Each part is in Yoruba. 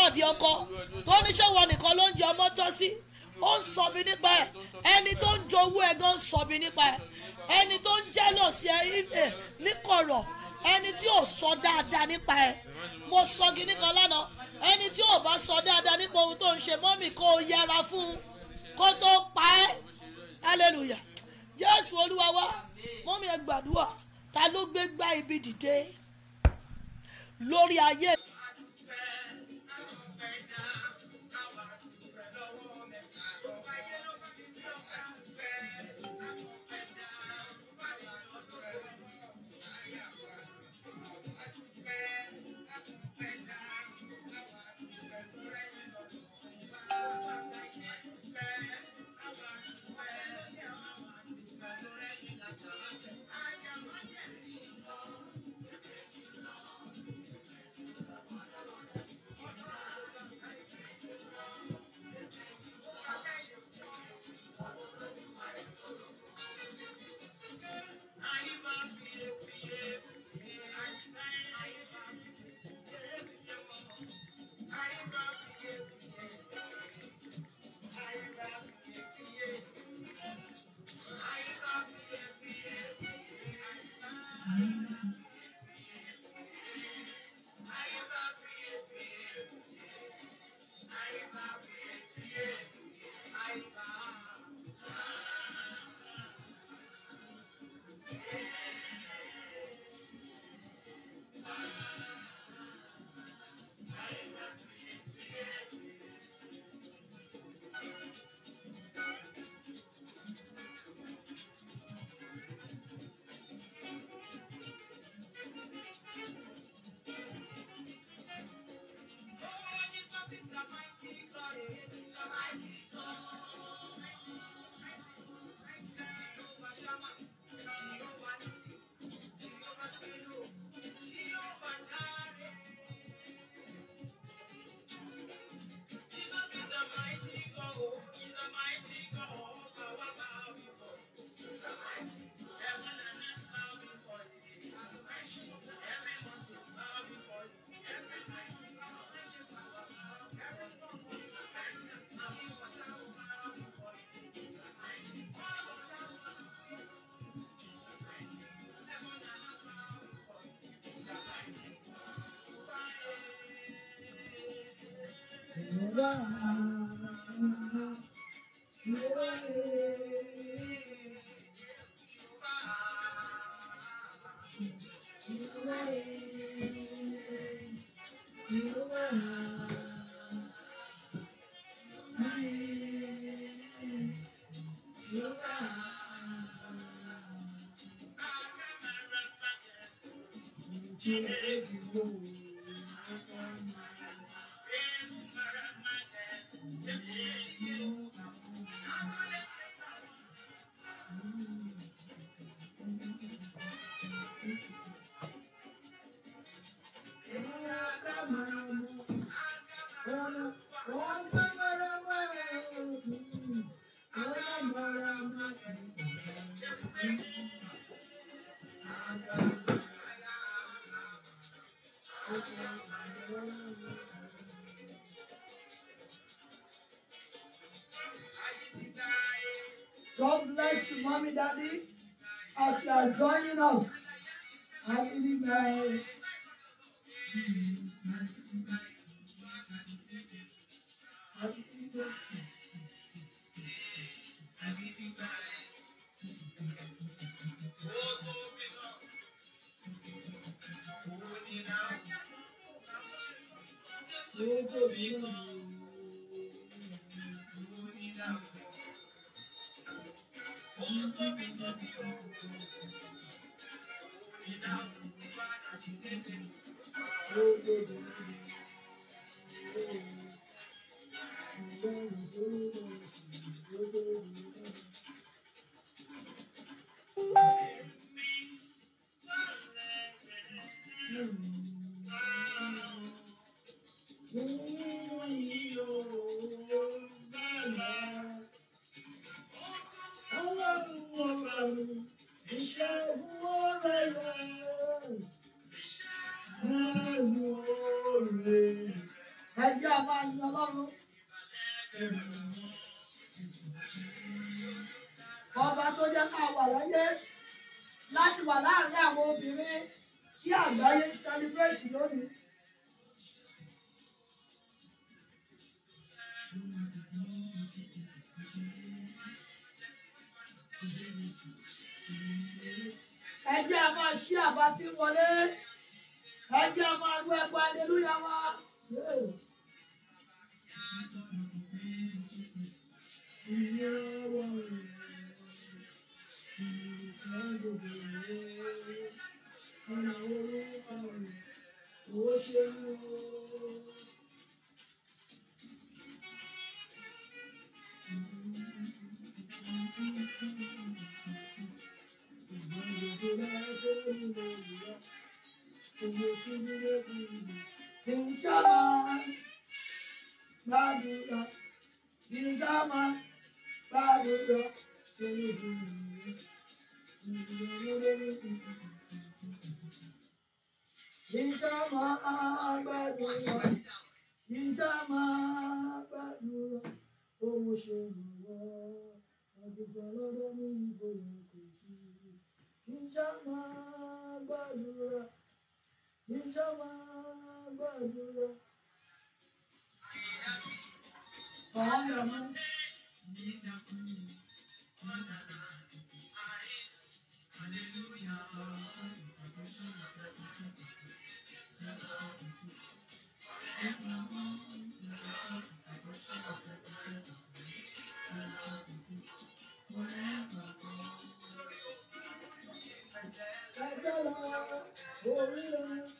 ọmọlúàbí ọkọ tó ní ṣòwò nìkan ló ń jẹ ọmọ tọ́ sí ó ń sọmi nípa ẹ ẹni tó ń jowó ẹ gan sọmi nípa ẹ ẹni tó ń jẹ́lọ̀sì ẹ níkọ̀rọ̀ ẹni tí ò sọ dáadáa nípa ẹ mo sọ gidi kan lánàá ẹni tí ò bá sọ dáadáa nípa ohun tó ń ṣe mọ́mì kó o yẹra fún un kó tó pa ẹ́ hallelujah jésù olúwa wá mọ́mì ẹ gbàdúrà ta ló gbé gbá ibi dìde lórí ayé. are. Mommy, Daddy, as you are joining us, I believe 看见吗？我看见路了吗？嗯。Inshallah, Badura, Inshallah, Badura, Inshallah, Badura, Inshallah, Badura, Omo Shemuwa, Abifalodo mi ibo yakosi, Inshallah, Badura níjà máa Oh,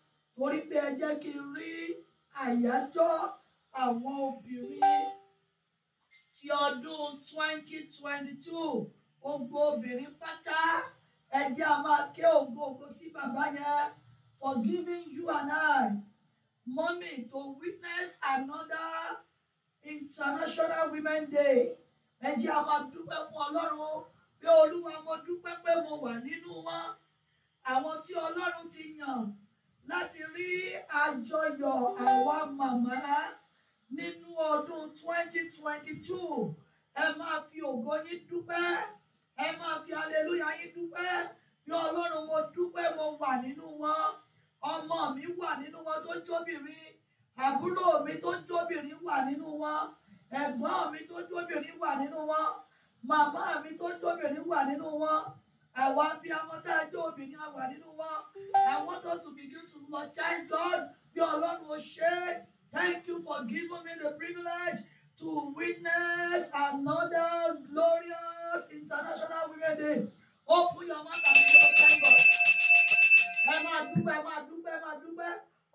torí pé ẹ jẹ́ kí n rí àyájọ́ àwọn obìnrin ti ọdún 2022 gbogbo obìnrin pátá ẹ jẹ́ a máa ké ògo ògo sí bàbá yẹn for giving you and I mommy to witness another international women day ẹ jẹ́ a máa dúpẹ́ fún ọlọ́run pé olúwa mo dúpẹ́ pé mo wà nínú wọn àwọn tí ọlọ́run ti yàn láti rí àjọyọ̀ àwa màmá nínú ọdún 2022 ẹ máa fi ògo yín dúpẹ́ ẹ máa fi aleluya yín dúpẹ́ bí ọlọ́run mo dúpẹ́ mo wà nínú wọn ọmọ mi wà nínú wọn tó jóbìnrin àbúrò mi tó jóbìnrin wà nínú wọn ẹ̀gbọ́n mi tó jóbìnrin wà nínú wọn màmá mi tó jóbìnrin wà nínú wọn. Àwọn abiyamọ tá a jẹ́ obìnrin àwà nínú wọn. I want us to begin to logize God. Bí Ọlọ́run ò ṣe. Thank you for giving me the privilege to witness another glorious International Women Day. Open your mouth and say thank God. Ẹ máa dúpẹ́, ẹ máa dúpẹ́, ẹ máa dúpẹ́.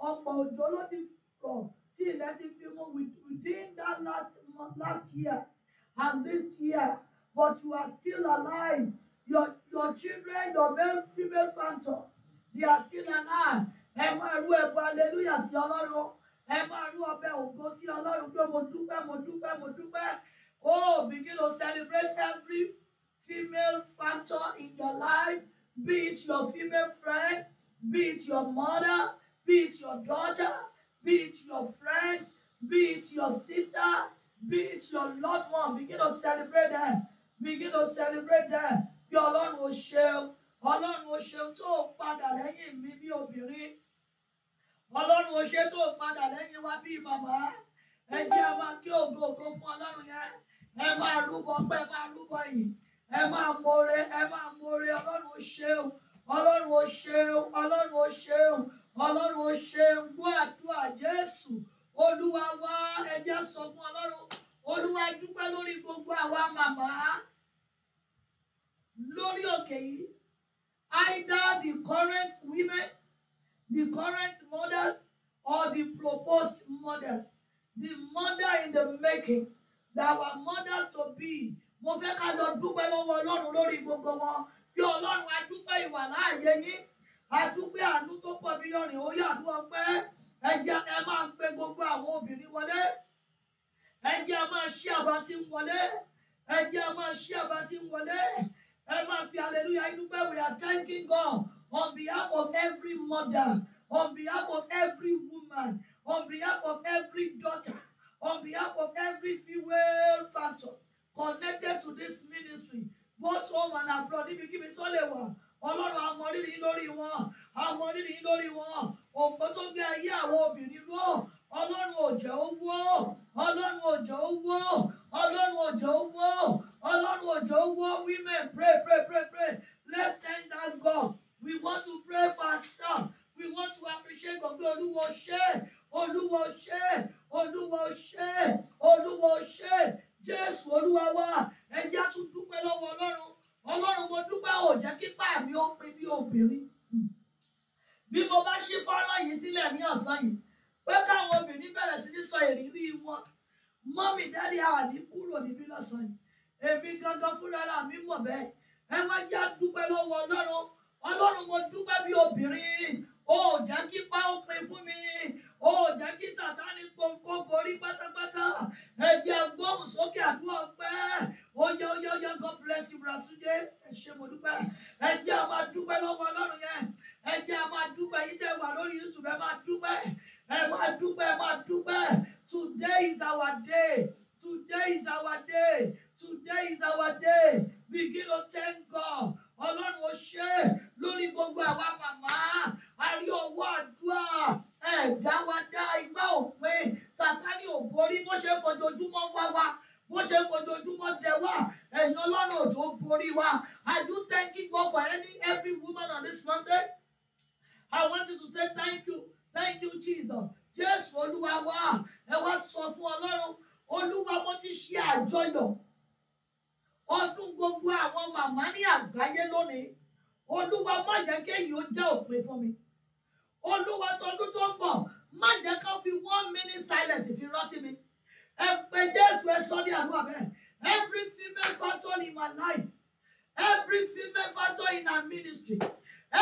Ọ̀pọ̀ òjò ló ti rọ̀ tí ilẹ̀ ti fi mú within that last, last year and this year. But you are still alive your your children your male female phantom they are still alive ẹ máa rú ẹbọ hallelujah sí ọlọ́run ẹ máa rú ọbẹ̀ ògo sí ọlọ́run pé mo dúpẹ́ mo dúpẹ́ mo dúpẹ́ oh begin to celebrate every female factor in your life be it your female friend be it your mother be it your daughter be it your friend be it your sister be it your loved one begin to celebrate them begin to celebrate them bí ọlọ́run ó ṣeun ọlọ́run ó ṣeun tó padà lẹ́yìn mi bí obìnrin ọlọ́run ó ṣe tó padà lẹ́yìn wa bí màmá ẹ jẹ́ ẹ máa kí ògo ògo fún ọlọ́run yẹn ẹ máa rúbọ pé ẹ máa rúbọ yìí ẹ máa more ẹ máa more ọlọ́run ó ṣeun ọlọ́run ó ṣeun ọlọ́run ó ṣeun ọlọ́run ó ṣeun gbọ́ jésù olúwa wá ẹ jẹ́ sọ fún ọlọ́run olúwa dúpẹ́ lórí gbogbo àwa màmá lórí òkè yìí either the current women the current mothers or the proposed mothers the mother in the making that our mothers to be mo fẹ́ ká lọ dúpẹ́ lọ́wọ́ ọlọ́run lórí gbogbo wọn bí ọlọ́run a ìwà láàyè yín a àánú tó pọ̀ bí yọrin ó yà ló ọpẹ́ ẹ jẹ́ ẹ máa ń pe gbogbo àwọn obìnrin wọlé ẹ jẹ́ ẹ máa ṣí àbá tí ń wọlé ẹ jẹ́ ẹ máa ṣí àbá tí ń wọlé ẹ máa fi aleluya idúpẹ́ we are thanking God on behalf of every mother on behalf of every woman on behalf of every daughter on behalf of every female factor connected to this ministry both home and abroad níbikíbi tó lè wà ọlọ́run àmọ́ rírì lórí wọn àmọ́ rírì lórí wọn òpó tó gbé ayé àwọn obìnrin lọ́ọ̀ ọlọ́run òjò owó ọlọ́run òjò owó ọlọ́run òjò owó ọlọ́run òjò owó women pray pray pray pray let's thank that God we want to pray for ourselves we want to appreciate God pé olúwo ṣe olúwo ṣe olúwo ṣe olúwo ṣe jésù olúwa wa ẹ jẹ́ á tún dúpẹ́ lọ́wọ́ ọlọ́run ọlọ́run mo dúpẹ́ ò jẹ́ kí pàmí ó pin bí obìnrin hmm. bí mo bá ṣí fọ́nrán yìí sílẹ̀ ní ọ̀sán yìí pé káwọn obìnrin bẹ̀rẹ̀ sí ní sọ ìrírí wọn mọ́mì dárí àní kúrò níbí lọ́sàn-án yìí èmi gangan fúnra mi mọ̀ bẹ́ẹ̀ ẹ má já dúpẹ́ lọ́wọ́ ọlọ́run ọlọ́run mo dúpẹ́ bí obìnrin o ò jẹ́ kí pa ó pin fún mi o ò jẹ́ kí sàtáni kó borí pátápátá ẹ jẹ́ gbóhùn sókè àdúrà pẹ́ oyè oyè oyè God bless you Bùràtúndé ẹ ṣé mo dúpẹ́ ẹ jẹ́ a máa dúpẹ́ lọ́wọ́ ọlọ́run yẹn ẹ jẹ́ a máa dúpẹ́ yìí tẹ́ wà lórí YouTube ẹ máa dúpẹ́ ẹ máa dúpẹ́ ẹ máa dúpẹ́ today is our day today is our day today is our day begin to thank God ọlọ́run ó ṣe lórí gbogbo àwa màmá a rí ọwọ́ àdúrà ẹ̀dá wa dá igbá òpin sátánì ò borí bó ṣe fojoojúmọ́ wá wa bó ṣe fojoojúmọ́ dẹ wá ẹ̀yin ọlọ́run òjò borí wa are you thanking God for any every woman on this Monday? I want you to say thank you thank you jesus jésù olúwa wá ẹ wá sọ fún ọlọ́run olúwa mo ti ṣe àjọyọ̀ ọdún gbogbo àwọn màmá ní àgbáyé lónìí olúwa má jẹ́ kéyìí ó jẹ́ òpin fún mi olúwa tọdún tó ń bọ̀ má jẹ́ ká fi one minute silence fi rántí mi ẹ pé jésù ẹ sọ ní àdúrà bẹ́ẹ̀ every female factor in my life every female factor in our ministry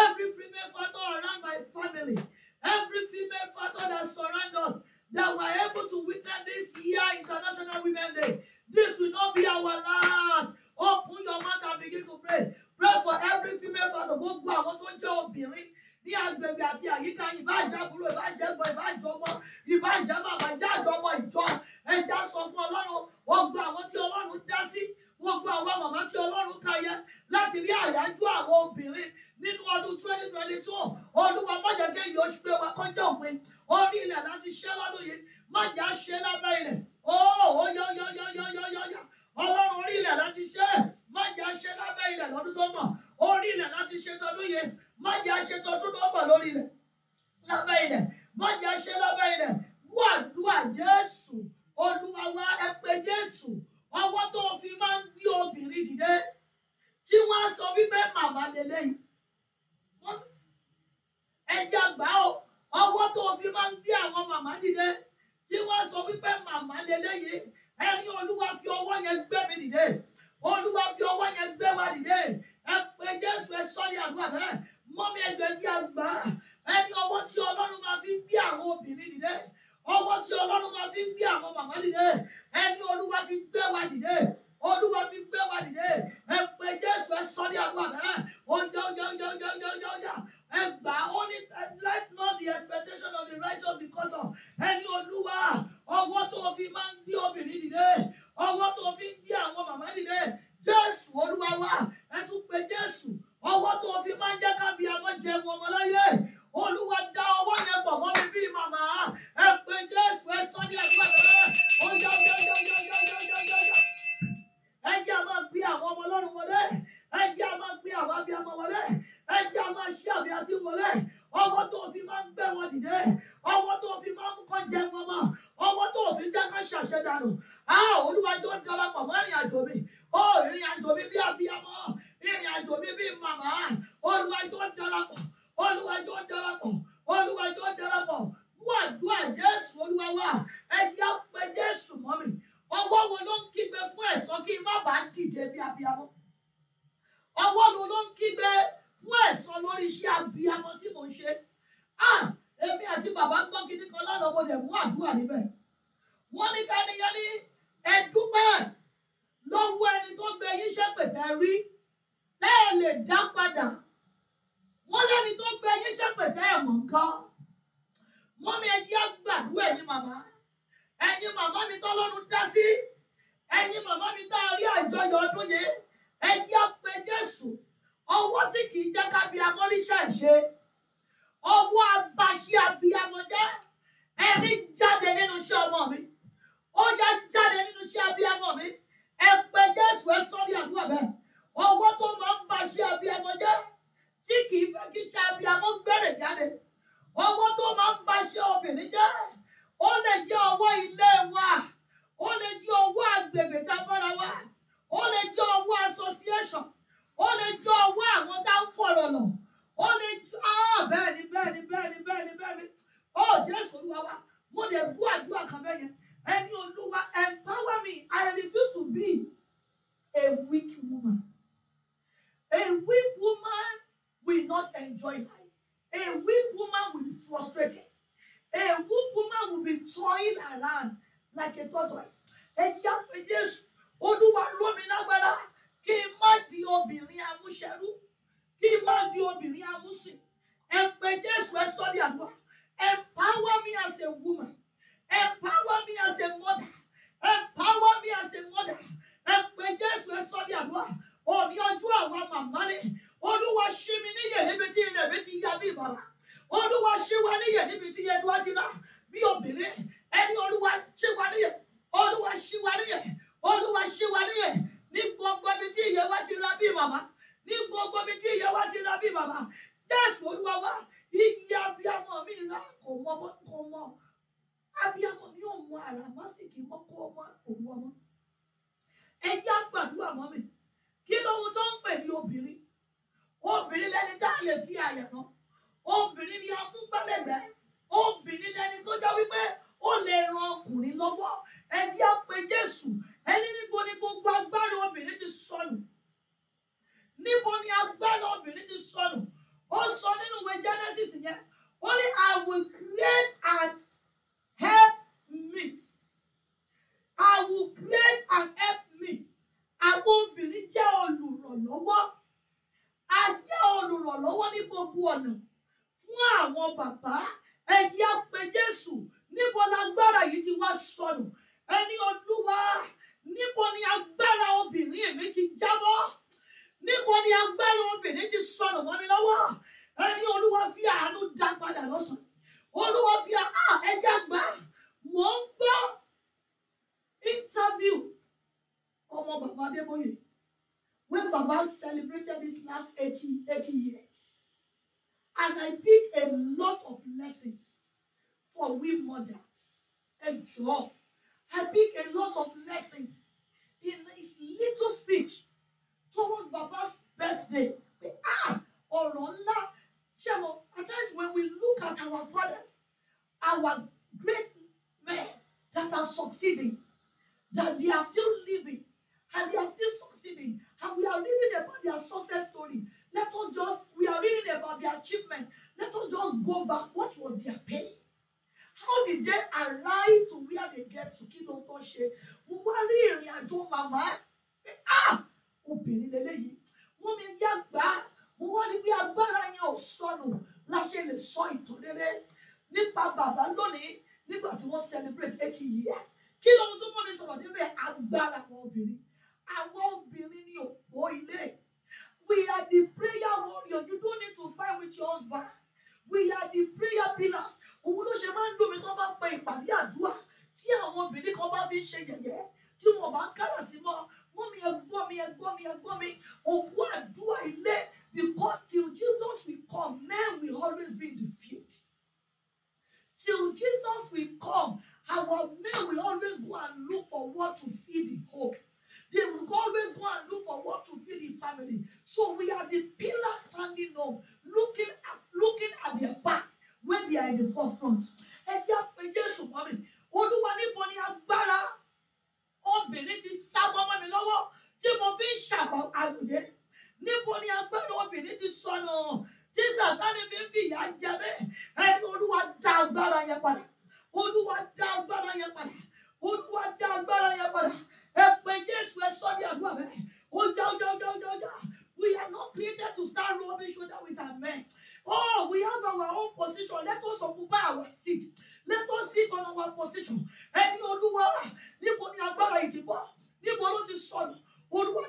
every female factor around my family every female factor that surround us that we're able to witness this year, International Women's Day. This will not be our last. Open your mouth and begin to pray. Pray for every female factor. Gbogbo àwọn tó jẹ́ obìnrin ní agbègbè àti àyíká yìí bá jábúrò sọ di àdúrà empower me as a woman empower me as a mother empower me as a mother ẹ̀pẹ́ jésù ẹ sọ di àdúrà òní ọjọ́ àwọn màmá ni olúwa ṣí mi níyè níbi tí ilẹ̀ mi ti yá bí bàbá olúwa ṣí wa níyè níbi tí iye tí wọ́n ti rà bí obìnrin ẹni olúwa ṣí wa níyè olúwa ṣí wa níyè olúwa ṣí wa níyè ní gbogbo ibi tí iye wa ti rà bí màmá ní gbogbo ibi tí iye wa ti rà bí bàbá jésù olúwa wa iye abiyamọ mi náà kò mọ ọmọ kò mọ abiyamọ mi ò mọ àràmásìkì mọ kó ọmọ òun ọmọ ẹ yá gbàdúrà mọ mi kí lóhun tó ń pè ní obìnrin obìnrin lẹni tá a lè fi àyà ná obìnrin ni amúgbálẹ́gbẹ̀ẹ́ obìnrin lẹni tó jẹ́ wípé ó lè ran ọkùnrin lọ́wọ́ ẹ yá pé Jésù ẹni níbo ni gbogbo agbára obìnrin ti sọnù níbo ni agbára obìnrin ti sọnù ó sọ nínú ìwé Genesis yẹn ó ní I will create an meet. I will create an helpmeet àwọn obìnrin jẹ́ olùrànlọ́wọ́ a jẹ́ olùrànlọ́wọ́ ní gbogbo ọ̀nà fún àwọn bàbá ẹ̀yí apẹ Jésù níbo lágbára yìí ti wá sọnù ẹni Olúwa níbo ni agbára obìnrin èmi ti jábọ́ níbo ni agbára obìnrin ti sọnù mọ́ mi lọ́wọ́ ẹni olúwa fi àánú dá padà lọ́sàn-án olúwa fi ẹja gbà mò ń gbọ́ interview ọmọ bàbá adébóyè when bàbá celebrated his last eighty eighty years and I pick a lot of lessons for we mothers ẹ jọ̀ọ́ I pick a lot of lessons in his position. Let us occupy our seat. Let us sit on our position. Ẹni olúwa níbo ni agbára ìdìbò? Níbo ló ti sọnù? Olúwa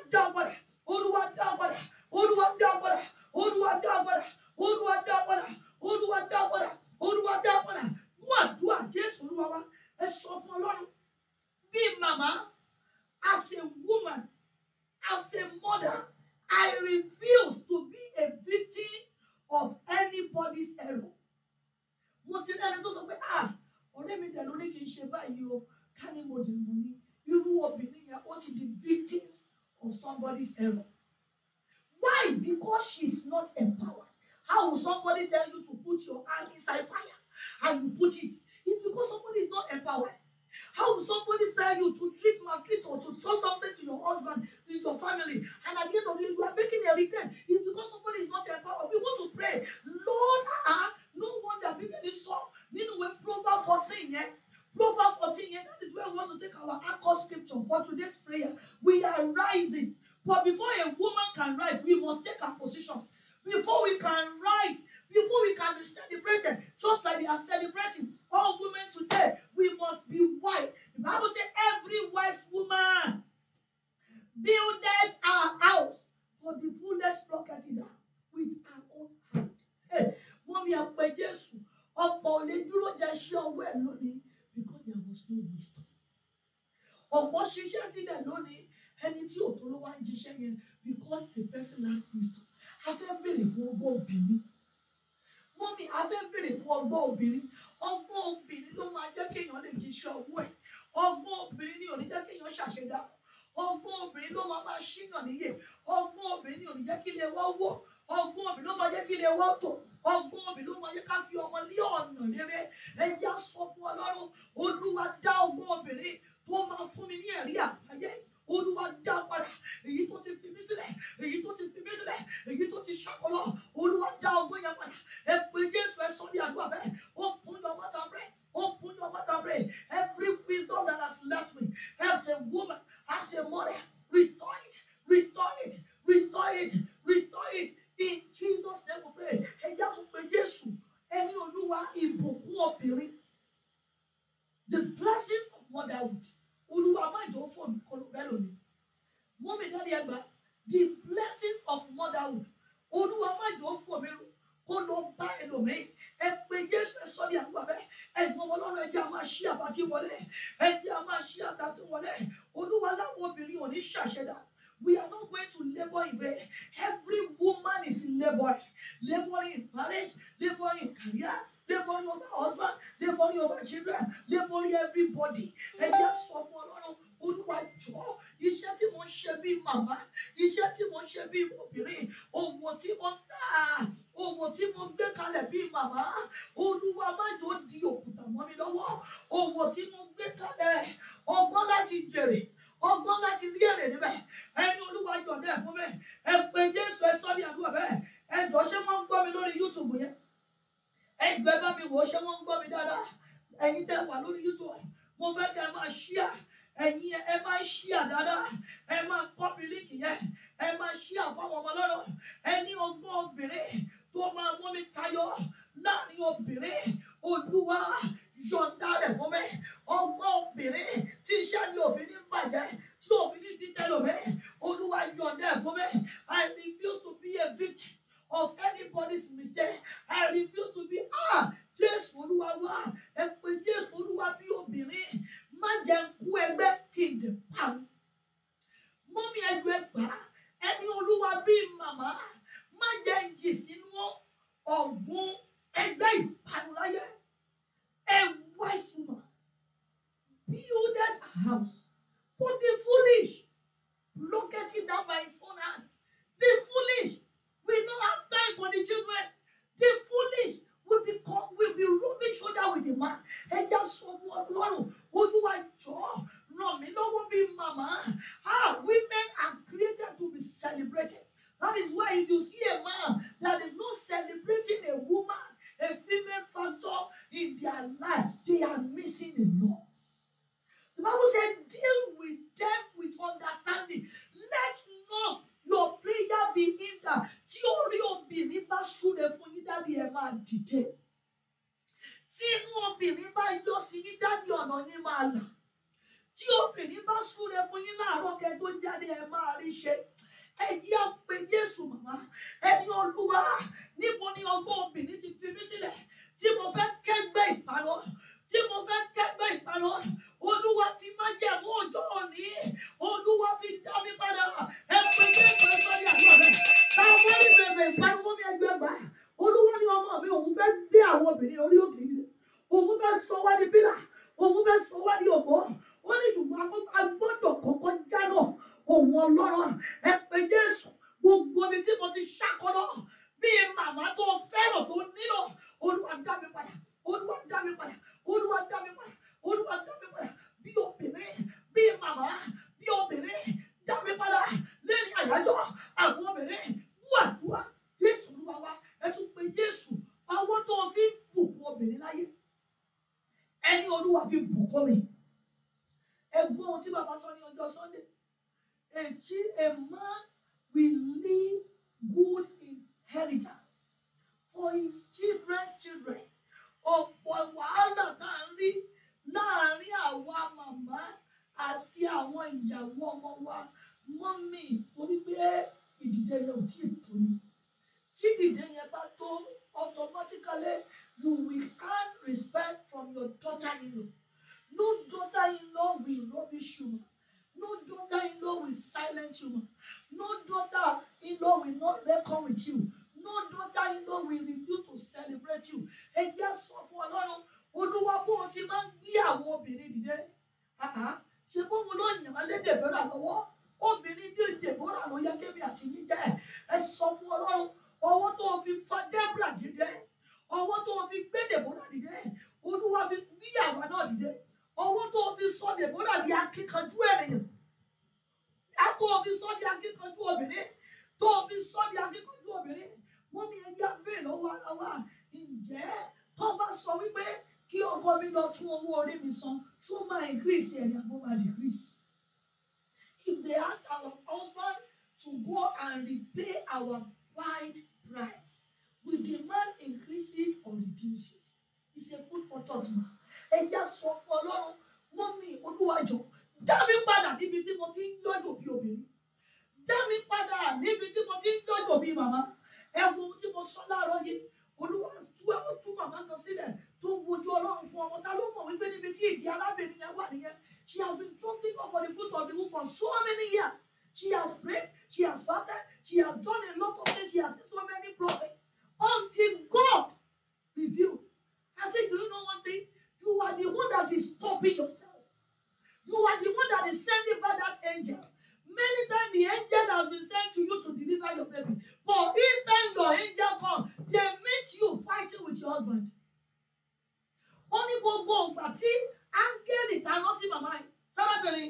obìnrin ló máa máa ṣíyàn níyè ọgbọ́n obìnrin ò ní jẹ́ kí ilé wa wó ọgbọ́n obìnrin ló máa jẹ́ kí ilé wa tò ọgbọ́n obìnrin ló máa jẹ́ ká fi ọmọ lé ọ̀nà rere ẹ̀yà sọ fún ọlọ́run olúwa dá ọgbọ́n obìnrin tó máa fún mi ní ẹ̀rí àgbáyé olúwa dá padà èyí tó ti fi mí sílẹ̀ èyí tó ti fi mí sílẹ̀ èyí tó ti ṣàkólọ olúwa dá ọgbọ́n yẹn padà ẹ pé jésù ẹ sọ ní àdúrà bẹ́ẹ̀ ó kún yọ mọ́ta bẹ́ẹ̀ open your mouth and pray. Every wisdom that has left me, as a woman, as a mother, Restore it. Restore it. Restore it. Restore it. In Jesus' name we pray. Ẹ jẹ́ tún pé Jésù ẹni olúwa ìbùkún obìnrin. The blessings of motherhood. Olúwa máa jọ fún mi kọ́ bẹ́ẹ̀ lómi. Mọ́mí dáadé ẹgbàá. The blessings of motherhood. Olúwa máa jọ fún mi kó lọ bá ẹlòmíì ẹ pé jésù ẹ sọ ní àdúrà bẹ́ẹ̀ ẹ̀yin ọmọ ẹ jẹ́ a máa àbátí wọlé ẹ jẹ́ a máa àtàtì wọlé olúwa láwọn obìnrin ò ní ṣàṣẹdà We are not going to labor in Every woman is in labor. Laboring in marriage, laboring in career, laboring over husband, laboring over children, laboring everybody. Ẹ jẹ́ sọ fún Ọlọ́run Olúwa jọ̀ọ́ iṣẹ́ tí mo ń ṣe bí màmá, iṣẹ́ tí mo ń ṣe bí obìnrin, òwò tí mo ń tà ohun tí mo gbé kalẹ̀ bíi màmá olúwa má di òkúta mọ́ mi lọ́wọ́ ohun tí mo gbé kalẹ̀ ọgbọ́n láti jèrè ọgbọ́n láti rí èrè níbẹ̀ ẹni olúwa yọ̀dẹ̀ fún mi ẹ pé jésù ẹ sọ́ ní àdúrà bẹ́ẹ̀ ẹ jọ ṣé wọ́n ń gbọ́ mi lórí youtube yẹn ẹ jọ ẹ bá mi wò ṣé wọ́n ń gbọ́ mi dáadáa ẹ̀yin tẹ́ wà lórí youtube mo fẹ́ kẹ́ ẹ máa ṣíà ẹ̀yin ẹ máa ṣíà dáadáa ẹ máa kọ́ mi líǹkì yẹn ẹ máa ṣíà fáwọn ọmọ lọ́rọ̀ ẹ ní ọgbọ́n obìnrin tó máa mú mi tayọ láàrin obìnrin olúwa yọ̀ǹda rẹ̀ fún mi ọgbọ́n obìnrin tí iṣẹ́ mi ò fi ní bàjẹ́ tí ò fi ní dídẹ́ lò mí olúwa yọ̀ǹda ẹ̀ fún mi I refuse to be a victim of anybody's mistake I refuse to be ah Jésù olúwa wá ẹ pé Jésù olúwa bí obìnrin má jẹ́ ń kú ẹgbẹ́ kìndìpá mọ́mí ẹjọ́ ẹ gbà ẹni olúwa bí màmá má jẹ́ ń jì sínú ọ̀gbun ẹgbẹ́ ìpanuláyé a wise woman build that house for the foolish look at it down by his own hand the foolish we not have time for the children the foolish will be come will be rubbing shoulder with the man ẹ já sọ fún Ọlọ́run Olúwa jọ̀ọ́ ràn mí lọ́wọ́ bíi mama. ah women are created to be celebrated That is why if you see a man that is not celebrating a woman, a female factor in their life, they are missing a lot. The Bible said, deal with them with understanding. Let not your prayer be in the theory of orí obìnrin bá súre fún yín dábì ẹ máa dìde. Tí inú obìnrin bá yọ sí yín dábì ọ̀nà yín máa là. Tí obìnrin bá súre fún yín láàárọ̀ kẹ́ tó jáde ẹ máa rí ṣe ẹ jẹ́ á pe Jésù màmá ẹni Olúwa níbo ni ọgbọ́n obìnrin ti fi mí sílẹ̀ tí mo fẹ́ kẹ́gbẹ́ ìparọ́ tí mo fẹ́ kẹ́gbẹ́ ìparọ́ Olúwa fi má jẹ́ mú ọjọ́ òní Olúwa fi dá mi padà ẹ pe Jésù ẹ sọ́dí àgbọ̀ rẹ̀ táwọn ní bèbè ìpariwo mi ẹgbẹ́ gbà Olúwa ni ọmọ mi òun fẹ́ dé àwọn obìnrin orí òkè yìí òun fẹ́ sọ wá di bílà òun fẹ́ sọ wá di ògbó ó ní ṣùgbọ́n agbọ́dọ̀ kọ́kọ́ já náà òun ọlọ́rọ̀ ẹ pé jésù gbogbo ibi tí mo ti ṣàkóso bí màmá tó fẹ́ràn tó nílò olúwa dá mi padà olúwa dá mi padà olúwa dá mi padà olúwa dá mi padà bí obìnrin bí màmá bí obìnrin dá mi padà lẹ́yìn àyájọ́ àwọn obìnrin wàdúrà jésù olúwa wa ẹ tún pé jésù àwọn tó fi bùkún obìnrin láyé ẹni olúwa fi bùkún mi ẹ gbọ́ ohun tí bàbá sọ ní ọjọ́ sunday a, a man will leave good inheritance for his children's children. Ọ̀pọ̀ wàhálà tá a rí láàárín àwa màmá àti àwọn ìyàwó ọmọ wa mọ́mì torí pé ìdìde yẹn ò tí ì tó ni. Tí ìdìde yẹn bá tó automatically you will earn respect from your daughter-in-law. No daughter-in-law will rubbish you. No daughter-in-law will silence you. No daughter-in-law will not reckon with you. No daughter-in-law will refuse to celebrate you. Ẹ jẹ́ sọ fún Ọlọ́run, Olúwa bó ti máa ń gbé obìnrin dìde. Ṣé bóun ló yàn án lédè bẹ́rẹ̀ lọ́wọ́? Obìnrin dìde bọ́rọ̀ ló yẹ àti yín jẹ́. Ẹ sọ fún Ọlọ́run, ọwọ́ tó o fi fa Débra dìde. Ọwọ́ tó o fi gbé Dèbọ́rà dìde. Olúwa fi gbé náà dìde owó tó o fi sọ dèbódà di akíkanjú ènìyàn á tó o fi sọ di akíkanjú obìnrin tó o fi sọ di akíkanjú obìnrin wọ́n ní ẹgbẹ́ abẹ́rẹ́ lọ́wọ́ ara wa ǹjẹ́ tó bá sọ wípé kí ọkọ mi lọ tún owó orí mi san so máa increase ẹ̀rí àbọ̀ máa decrease. If they ask our husband to go and repay our bride price, we demand increase it or reduce it. It's a food for thought man ẹja sọ fún ọlọ́run mú mi olúwàjọ dá mi padà níbi tí mo ti ń yọjọ bí obìnrin dá mi padà níbi tí mo ti ń yọjọ bí màmá ẹ tí mo sọ láàárọ̀ yìí olúwa tú ẹ tú màmá kan sílẹ̀ tó ń wojú ọlọ́run fún ọmọ ta ló mọ̀ wípé níbi tí ìdí arábìnrin yẹn wà nìyẹn she has been trusting God for the good of the world for so many years she has prayed she has fasted she has done a lot of things she has seen so many prophets until God revealed I say, do you know one thing You are the one that is stopping yourself. You are the one that is sending back that angel. Many times the angel has been sent to you to deliver your baby. But each time your angel comes, they meet you fighting with your husband. Only Ó ní gbogbo ìgbà tí áńgẹ́lì tá a rán sí màmá yìí, sábàbìnrin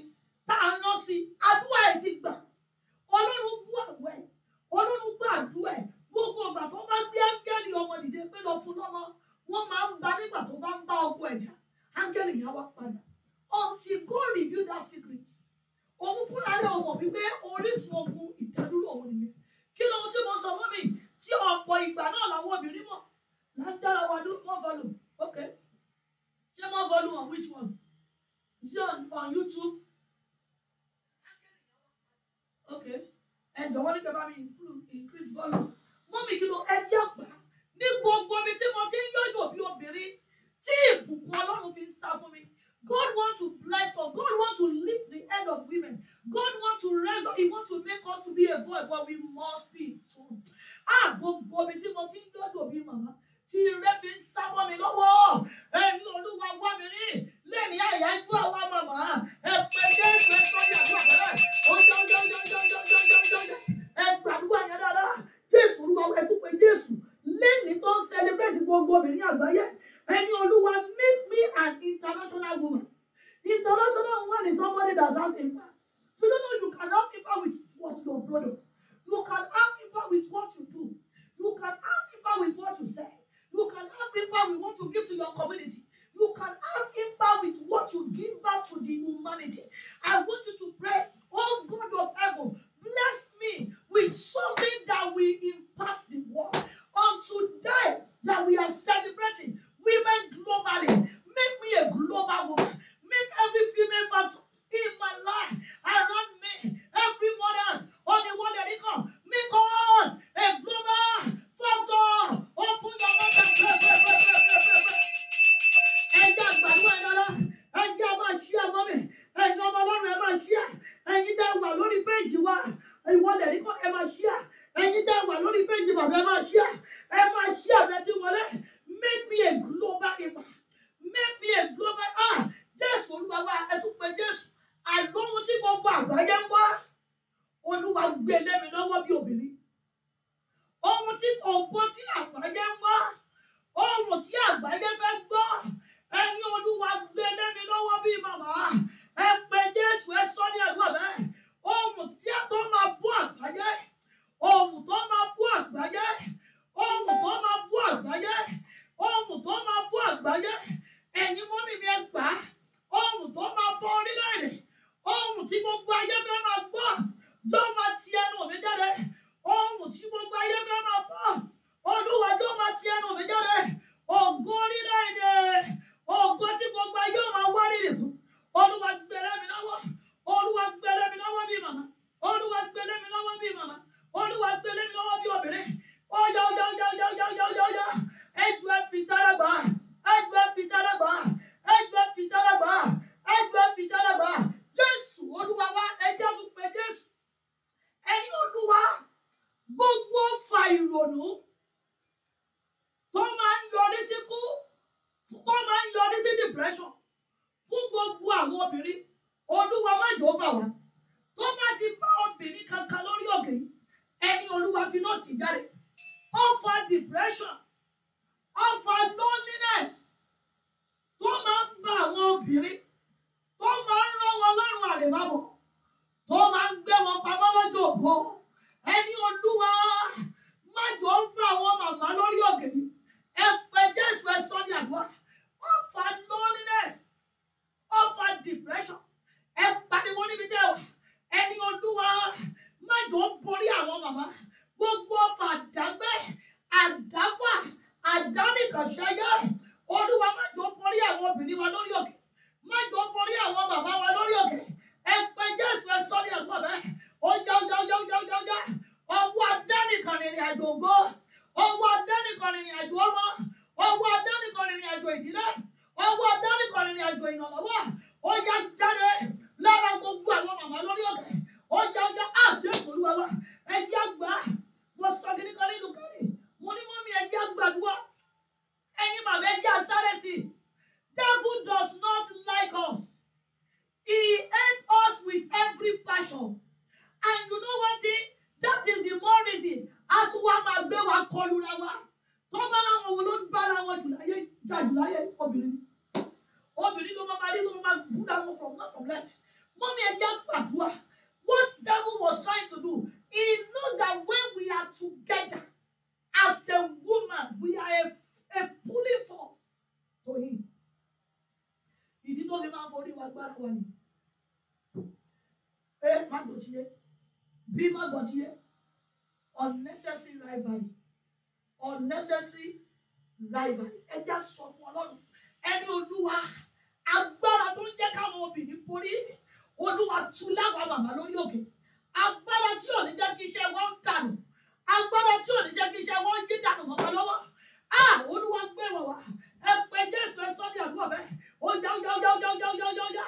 I a rán sí, àdúrà ẹ̀ ti gbà. Ọlọ́run gbọ́ àwẹ̀, Ọlọ́run gbọ́ àdúrà ẹ̀. Gbogbo ìgbà tó bá gbé áńgẹ́lì ọmọ dìde pé lọ fún lọ́mọ wọ́n máa ń ba nígbà tó bá ń bá ọkọ ẹ̀dá áńgẹ́lì yẹn wá padà until God reveal that secret òun fúnra rẹ̀ ọmọ wípé orísun ogun ìdádúró òun nìyẹn kí lóhun tí mo sọ mọ́ mi tí ọ̀pọ̀ ìgbà náà làwọn obìnrin mọ̀ láńdára wa dún mọ́ volume ok ṣé mọ́ volume on which one is it on, on YouTube ok ẹ jọ̀wọ́ nígbà bá mi increase volume mọ́ mi kí ló ẹ jẹ́ àgbà ní gbogbo mi tí mo ti ń yọjú òbí obìnrin tí ìbùkún ọlọ́run fi ń sá fún mi God want to bless us God want to lift the head of women God want to raise us he want to make us to be a boy but we must be too ah gbogbo mi tí mo ti ń yọjú òbí màmá tí ire fi ń sá mọ́ mi lọ́wọ́ ẹ̀mí olúwa wá mi rí lẹ́ni àyájọ́ àwa màmá ẹ̀pẹ́ jẹ́ ìfẹ́ sọ́jà àdúrà bẹ́ẹ̀ ó ọjọ́ you know one thing that is the more reason a tún wá máa gbé wa kọlu ra wa tó bá láwọn wo ló ń bára wọn jù láyé jà jù láyé obìnrin obìnrin ló máa rí ló máa búra wọn from left from left mọ́mí ẹja gbàdúrà what devil was trying to do he know that when we are together as a woman we are a, a pulling force to him ìdí tó fi máa ń forí wa gbára wa ni. ẹ má gbòjì bí má gbọ́ unnecessary rivalry unnecessary rivalry ẹ já sọ fún ọlọ́run ẹni olúwa agbára tó ń jẹ́ káwọn obìnrin borí olúwa tú láwọn màmá lórí òkè agbára tí ò ní jẹ́ kí iṣẹ́ wọn dànù agbára tí ò ní jẹ́ kí iṣẹ́ wọn yí dànù mọ́kàn lọ́wọ́ ah olúwa gbé wọn wá ẹ pé jésù ẹ sọ ní àdúrà bẹ́ẹ̀ ó yá ó yá ó yá ó yá ó yá ó yá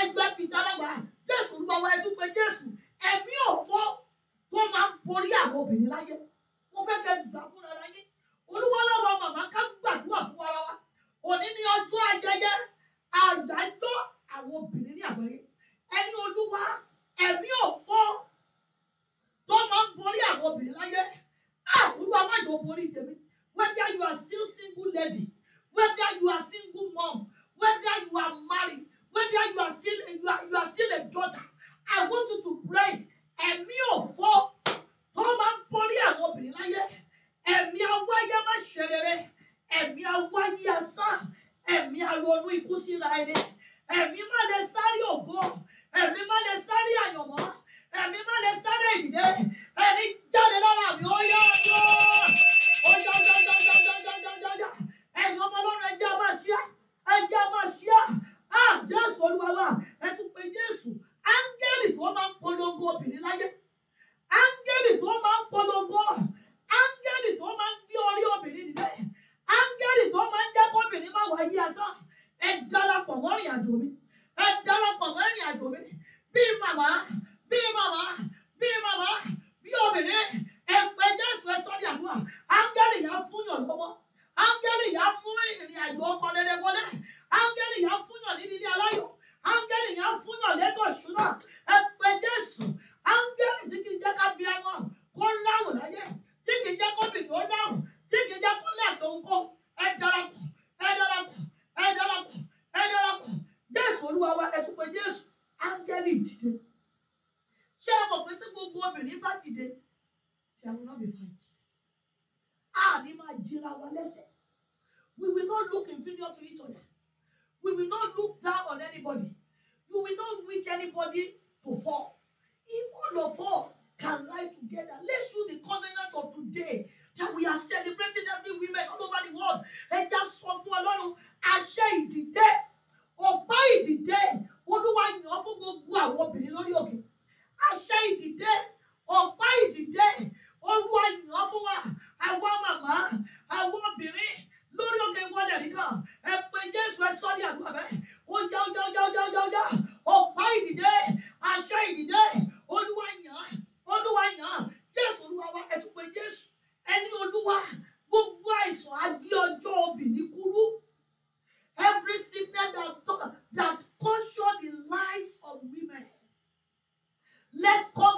ẹgbẹ́ pìtà lágbà jésù olúwa wa ẹ tún pé jésù ẹ̀mí òfò tó máa ń borí àwọn obìnrin láyé mo fẹ́ kẹ́ gbà fúnra láyé olúwa lọ́wọ́ màmá ká gbàdúrà fún ara wa òní ní ọjọ́ ayẹyẹ àgbájọ àwọn obìnrin ní àgbáyé ẹni olúwa ẹ̀mí òfò tó máa ń borí àwọn obìnrin láyé olúwa má jọ borí tèmi whether you are still single lady whether you are single mom whether you are married whether you are still you are, you are still a daughter I want you to pray ẹ̀mí òfò tó máa ń borí àwọn obìnrin láyé ẹ̀mí awáyé má ṣe rere ẹ̀mí awáyé asán ẹ̀mí aronú ikú síra ẹni ẹ̀mí má lè sáré ògo ẹ̀mí má lè sáré àyànmọ́ ẹ̀mí má lè sáré ìdílé ẹni jáde lára mi ó yá yá.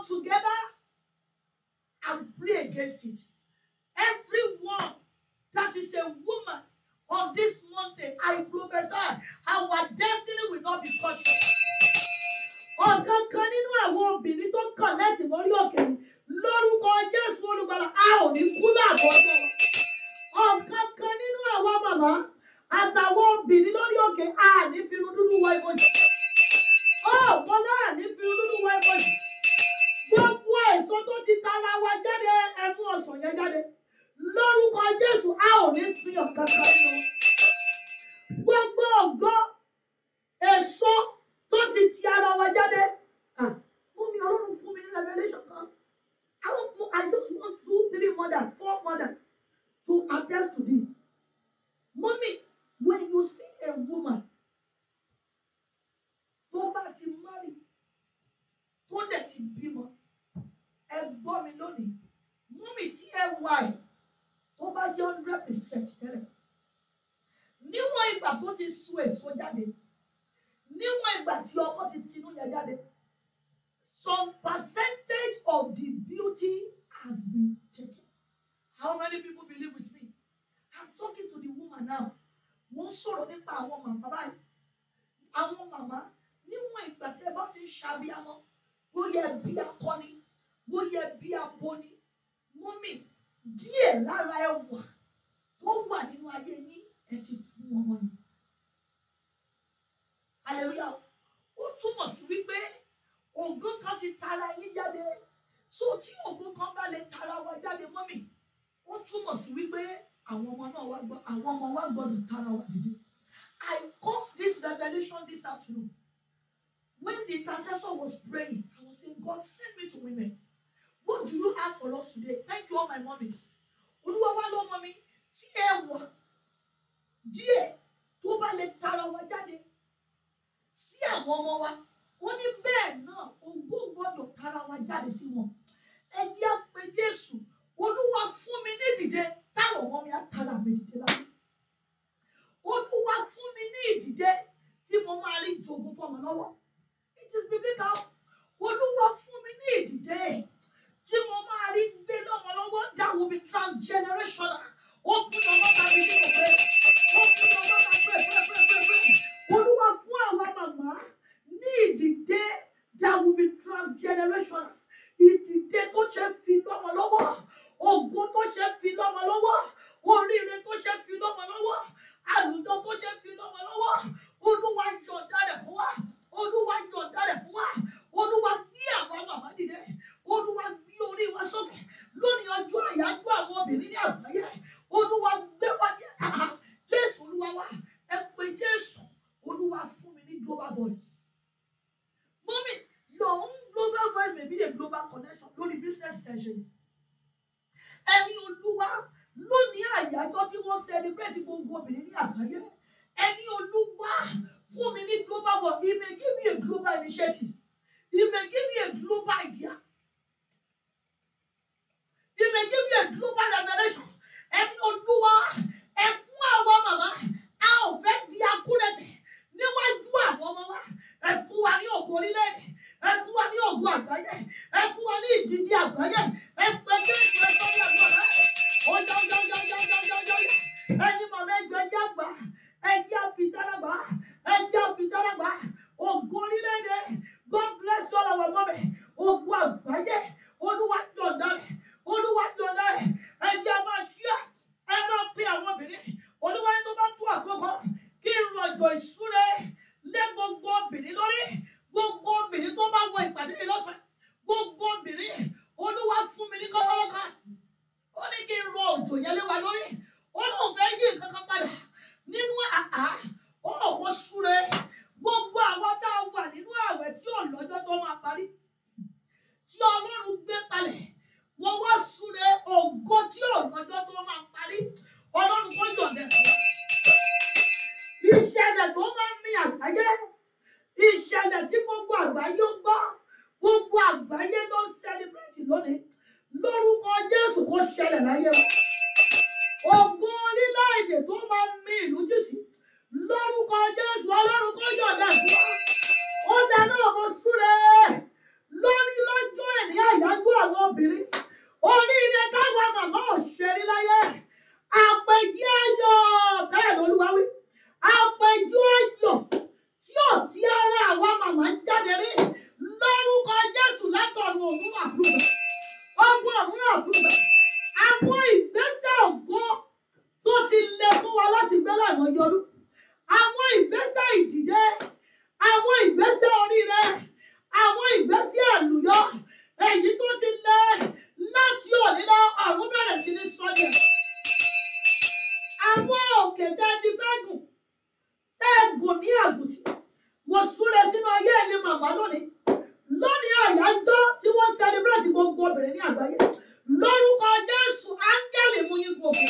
together and pray against it. Everyone that is a woman on this Monday, I prophesy our destiny will not be cut short. Ọ̀kan kan nínú àwọn obìnrin tó kàn láti mọ́rí òkè lórúkọ Jésù olùgbàlà a ò ní kú láàbọ̀ ọjọ́. Ọ̀kan kan nínú àwọn màmá àtàwọn obìnrin lórí òkè a ní fi irun dúdú wọ ibojì. Ọ̀pọ̀ náà ní fi irun dúdú wọ ibojì èso tó ti tara wa jáde ẹ mú yẹn jáde lórúkọ Jésù a ò ní sin ọ̀kan kan lọ gbogbo ògo èso tó ti ti ara wa jáde fún mi ọlọ́run fún mi ní revelation kan I, I just want two three mothers four mothers to attest to this mommy when you see a woman tó bá ti marry tó dẹ̀ ti bímọ ẹ gbọ́ mi lónìí múmi tí ẹ wà ẹ̀ tó bá jẹ́ hundred percent tẹ́lẹ̀ níwọ̀n ìgbà tó ti so èso jáde níwọ̀n ìgbà tí ọmọ ti tinú yẹn jáde some percentage of the beauty has been taken how many people believe with me i'm talking to the woman now mo ń sọ̀rọ̀ nípa àwọn màmá báyìí àwọn màmá níwọ̀n ìgbà tẹ́ bá ti ń ṣàbíamọ́ bóyá ẹbí akọni bó yẹ bí aboni mọ́mì díẹ̀ lára ẹwà tó wà nínú ayé yín ẹ ti fún ọmọ yìí. Hallelujah ó túmọ̀ sí wípé ògùn kan ti tara yín jáde so tí ògùn kan bá lè tara wa jáde mọ́mì ó túmọ̀ sí wípé àwọn ọmọ náà wá gbọ́ àwọn ọmọ wa gbọ́dọ̀ tara wa dìde. I caused this revelation this afternoon when the intercessor was praying I was saying God send me to women. What do you have for us today? Thank you, all my mommies. Olúwa wá lọ́mọ mi tí ẹ wọ̀ díẹ̀ tó bá lè tara wa jáde sí àwọn ọmọ wa. Ó ní bẹ́ẹ̀ náà ogún gbọ́dọ̀ tara wa jáde sí wọn. Ẹ jẹ́ á pe Jésù. Olúwa fún mi ní ìdìde táwọn ọmọ mi á tara mi dìde láti. Olúwa fún mi ní ìdìde tí mo máa rí jogún fọmọ lọ́wọ́. It is biblical. Olúwa fún mi ní ìdìde tí mo máa rí gbé lọ́mọ lọ́wọ́ that will be transgenerational ó kú lọ́wọ́ tàbí nínú rẹ̀ ó kú lọ́wọ́ tàbí pẹ́pẹ́pẹ́pẹ́ olúwa fún àwa màmá ní ìdìde that will be transgenerational ìdìde tó ṣe fi lọ́mọ lọ́wọ́ ògùn tó ṣe fi lọ́mọ lọ́wọ́ oríire tó ṣe fi lọ́mọ lọ́wọ́ àlùjọ tó ṣe fi lọ́mọ lọ́wọ́ olúwa yọ̀ǹda rẹ̀ fún wa olúwa yọ̀ǹda rẹ̀ fún wa olúwa gbé àwa màmá dìde olúwa gbé orí wa sókè lórí ọjọ́ àyájọ́ àwọn obìnrin ní àgbáyé olúwa gbé wa ní àhà jésù olúwa wa ẹ pé jésù olúwa fún mi ní global voice mọ́mí your own global voice may be a global connection lórí business tension ẹni olúwa lónìí àyájọ́ tí wọ́n celebrate gbogbo obìnrin ní àgbáyé ẹni olúwa fún mi ní global voice he may give me a global initiative he may give me a global idea you may give you a global revelation ẹni olúwa ẹ fún àwọn màmá a ò fẹ́ di akúrẹ́tẹ̀ níwájú àwọn ọmọ wa ẹ fún wa ní ògo orílẹ̀-èdè ẹ fún wa ní ògo àgbáyé ẹ fún wa ní màmá lónìí lónìí àyájọ́ tí wọ́n sẹlẹbírẹ̀tì gbogbo obìnrin ní àgbáyé lórúkọ Jésù áńgẹ́lì mú yín gòkè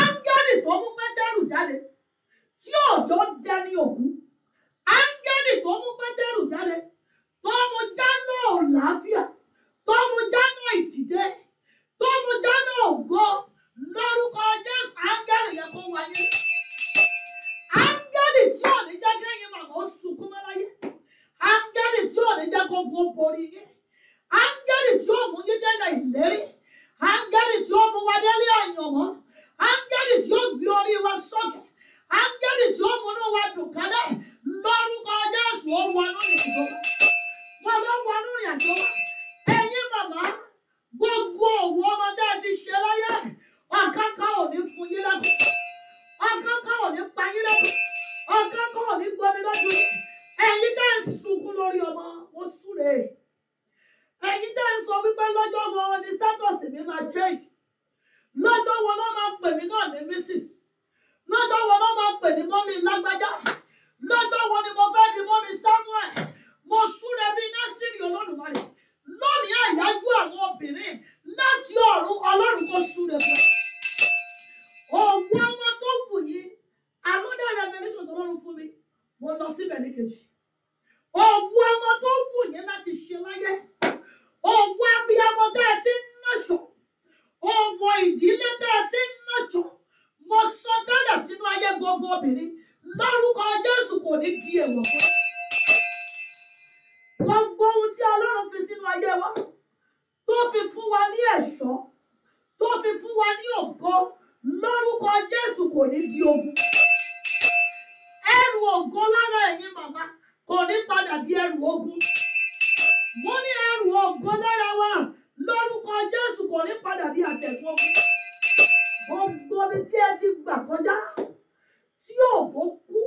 áńgẹ́lì tó mú Pétérù jáde tí òjò dẹni òkú áńgẹ́lì tó mú Pétérù jáde tó mú jáná òlàáfíà tó mú jáná ìdìde tó mú jáná ògo lórúkọ Jésù áńgẹ́lì yẹn kó wáyé áńgẹ́lì tí ò ní jẹ́ kéyìn màmá ó sunkún mọ́ áńgẹ́lì tí ò ní jẹ́ kó gun borí yín áńgẹ́lì tí ó mú yín dẹ́nà ìlérí áńgẹ́lì tí ó mú wa délé àyànmọ́ áńgẹ́lì tí ó gbé orí wa sókè áńgẹ́lì tí ó múnú wa dùn kálẹ̀ lórúkọ Jésù ó wọnú ìdìbò wọn ló wọnú ìrìnàjò wa ẹ̀yin màmá gbogbo òwò ọmọdé ti ṣe láyé ọ̀kánkán ò fún yín lẹ́kọ̀ọ́ ọ̀kánkán ò pa yín lẹ́kọ̀ọ́ ọ̀kánkán ò ní gbomi yìí ẹ̀yin tẹ́ ń sunkún lórí ọmọ mo súre ẹ̀yin tẹ́ ń sọ wípé lọ́jọ́ wọn ni status mi máa change lọ́jọ́ wọn ló máa pè mí náà ní mrs lọ́jọ́ wọn ló máa pè ní mọ́mí lágbájá lọ́jọ́ wọn ni mo fẹ́ di mọ́mí samuel mo súre bí násìrì olódùmarè lónìí àyájú àwọn obìnrin láti ọ̀run ọlọ́run kò súre fún ọ̀wọ́ ọmọ tó wù yí another revelation tó lọ́run fún mi mo lọ síbẹ̀ ní kejì Ògùn ọmọ tó wù yín láti ṣe láyé. Ògùn abiyamọ tẹ́ ẹ ti ń nàṣọ̀. Ògùn ìdílé tẹ́ ẹ ti ń nàṣọ̀. Mo sọ tẹ́lẹ̀ sínú ayé gbogbo obìnrin. Lórúkọ Jésù kò ní di èèwọ̀ fún yín. Gbogbo ohun tí Ọlọ́run fi sínú ayé wa tó fi fún wa ní ẹ̀ṣọ́ tó fi fún wa ní ògo lórúkọ Jésù kò ní di ogun. Ẹrù ògo lára ẹ̀yin màmá kò ní padà di ẹrù ogun mo ní ẹrù ògo lára wa lórúkọ Jésù kò ní padà di àtẹ̀gùn ogun gbogbo omi tí ẹ ti gbà kọjá tí ògo kú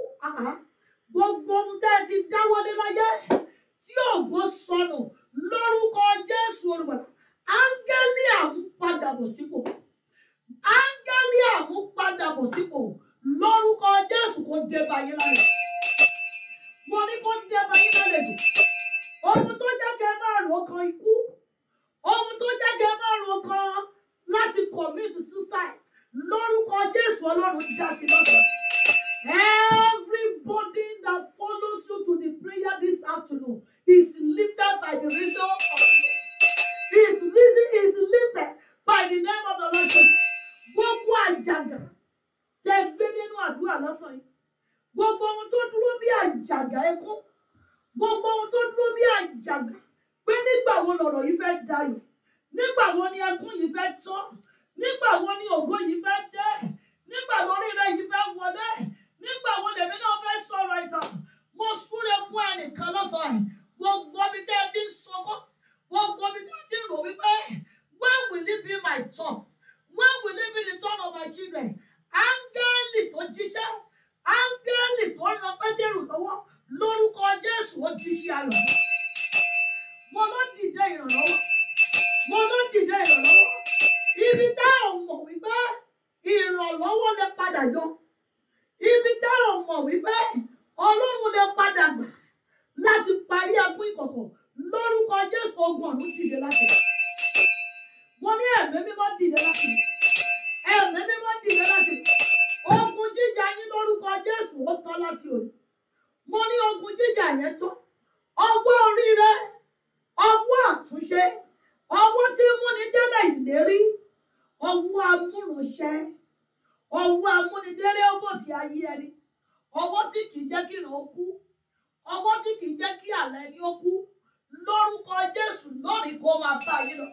gbogbo ohun tẹ́ ẹ ti dáwọ́lé láyé tí ògo sọnù lórúkọ Jésù olùgbàlà áńgẹ́lì àmúpadàbọ̀ sípò áńgẹ́lì àmúpadàbọ̀ sípò lórúkọ Jésù kò dé báyé lára mo ní kó jẹ́ báyìí lálejò ohun tó jẹ́ máa rò kan ikú ohun tó jẹ́ máa rò kan láti commit suicide lórúkọ Jésù Ọlọ́run já sí lọ́sọ̀ọ́. Everybody that follows you to the prayer this afternoon is lifted by the reason of you. Is reason is lifted by the name of the Lord Jesus. Gbogbo àjàgà tẹ gbé nínú àdúrà lọ́sàn yìí gbogbo ohun tó dúró bí àjàgà ẹkún gbogbo ohun tó dúró bí àjàgà pé nígbà wo lọ̀rọ̀ yìí fẹ́ dayọ̀ nígbà wo ni ẹkún yìí fẹ́ tán nígbà wo ni ògo yìí fẹ́ dé nígbà wo rírẹ yìí fẹ́ wọlé nígbà wo lèmi náà fẹ́ sọ̀rọ̀ ìtàn mo súre fún ẹnìkan lọ́sàn-án gbogbo ibi tẹ́ ẹ ti ń sọkọ́ gbogbo ibi tẹ́ ẹ ti ń rò wípé when will it be my turn when will it be the turn of my children áńgẹ́lì tó jíṣẹ́ áńgẹ́lì tó ran pétérù lọ́wọ́ lórúkọ jésù ó di sí alọ̀ mo ló dìde ìrànlọ́wọ́ mo ló dìde ìrànlọ́wọ́ ibi tá ò mọ̀ wípé ìrànlọ́wọ́ lè padà yọ ibi tá ò mọ̀ wípé ọlọ́run lè padà gbà láti parí ẹkún ìkọ̀kọ̀ lórúkọ jésù ogun ọ̀run dìde láti wọ́n ní ẹ̀mí mímọ́ dìde láti ẹ̀mí mímọ́ dìde láti jíjà yín lórúkọ Jésù ó tán láti òní mo ní ogun jíjà yẹn tán ọwọ́ oríire ọwọ́ àtúnṣe ọwọ́ tí múni ìlérí ọwọ́ amúrunṣẹ ọwọ́ amúnidélé ọwọ́ tí ayé ẹni ọwọ́ tí kì í jẹ́ kí ìrìn ó kú ọwọ́ tí kì í jẹ́ kí àlẹ́ ẹni ó kú lórúkọ Jésù lónìí kó máa bá yín lọ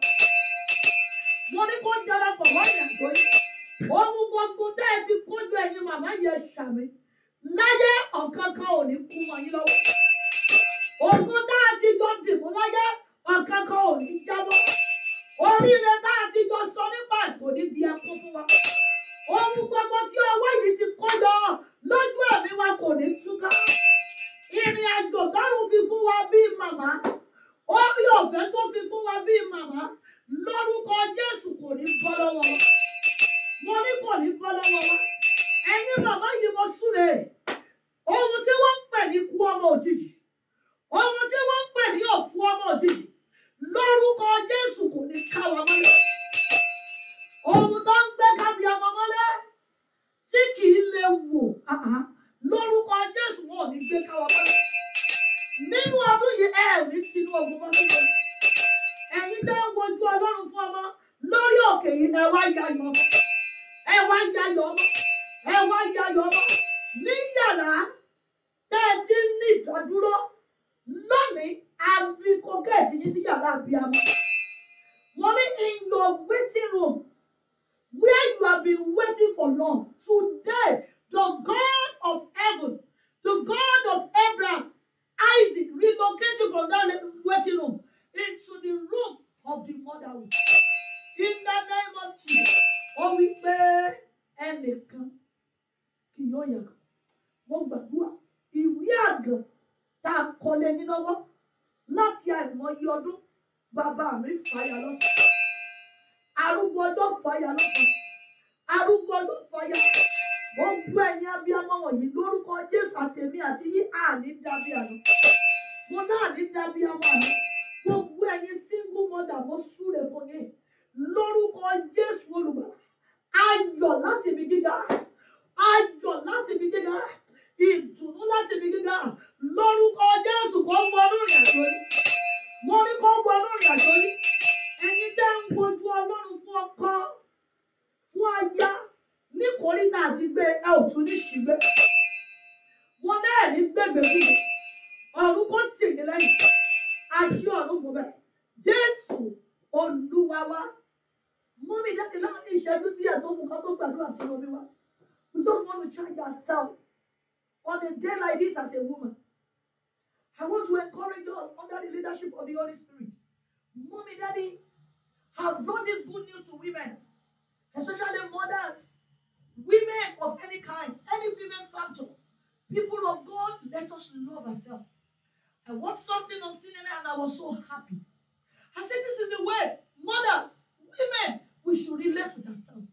mo ní kó darapọ̀ mọ́ ìrìn ohun gbogbo tẹ́ ẹ ti kójú ẹ̀yin màmá yẹn ṣàmì láyé ọ̀kan kan ò ní kú mọ́ yín lọ́wọ́ ogun tá a ti jọ dìbò láyé ọ̀kan kan ò ní jábọ́ oríire tá a ti jọ sọ nípa ètò ní di ẹkún fún wa ohun gbogbo tí ọwọ́ yìí ti kó yọ lójú ẹ̀mí wa kò ní túká ìrìn àjò tọ́run fi fún wa bíi màmá Omi ọ̀fẹ́ tó fi fún wa bíi màmá lórúkọ Jésù kò ní bọ́ lọ́wọ́ wa mo ní kò ní bọ́ lọ́wọ́ wa ẹ̀yin bàbá yìí mo súre ohun tí wọ́n ń pè ní kú ọmọ òjijì ohun tí wọ́n ń pè ní òkú ọmọ òjijì lórúkọ Jésù kò ní ká wa mọ́lẹ̀ ohun tó ń gbé kábíyà ọmọ mọ́lẹ̀ tí kì í lè wò lórúkọ Jésù wọn ò ní gbé ká wa mọ́lẹ̀ nínú ọdún yìí ẹ ẹ ní tinú ogun mọ́ sílẹ̀ ẹ̀yin tó ń wojú Ọlọ́run fún ọmọ lórí òkè yìí ẹ wá yá ìmọ̀ fún ẹ wá ń yayọ̀ ọmọ ẹ wá ń yayọ̀ ọmọ ní yàrá tẹ́ ẹ ti ń ní ìdádúró lónìí agrikogẹ́ẹ̀tì yìí sí yàrá abiyamọ. wọ́n ní in your waiting room where you have been waiting for long today the God of heaven the God of Abraham Isaac relocate you from that waiting room into the room of the mother. In the name of Jesus ó wí pé ẹnìkan kì yóò yàn kàn mo gbàdúrà ìwé àgàn tá a kọ lé yín lọ́wọ́ láti àìmọye ọdún bàbá mi fàyà lọ́sàn-án arúgbó ọjọ́ fàyà lọ́sàn-án arúgbó ọjọ́ fàyà gbogbo ẹ̀yin abiyamọ wọ̀nyí lórúkọ Jésù àtẹ̀mí àti yí àní dábí àná mo náà ní dábí àmọ́ àná gbogbo ẹ̀yin single mother mo súre fún yín lórúkọ Jésù olùgbàlà ayọ̀ láti ibi gíga ayọ̀ láti ibi gíga ìdùnnú láti ibi gíga lórúkọ Jésù kò ń wọnú ìrìn àjò yìí mo ní kó ń wọnú ìrìn àjò yìí ẹ̀yin tẹ́ ń wojú Ọlọ́run fún ọkọ fún aya ní kòríta àti gbé ẹ ò tún ní ṣìgbé wọn náà ní gbẹgbẹgbẹ ọ̀run kò tì ní lẹ́yìn àṣì ọ̀run gbọbẹ Jésù Olúwa wa mú mi jáde láàrin ìṣẹ́jú díẹ̀ tó mú ká tó to sí omi wa we just want to charge ourselves on a day like this as a woman I want to encourage us under the leadership of the Holy Spirit mummy daddy have brought this good news to women especially mothers women of any kind any female factor people of God let us love ourselves I watched something on cinema and I was so happy I said this is the way mothers women we should relate with ourselves.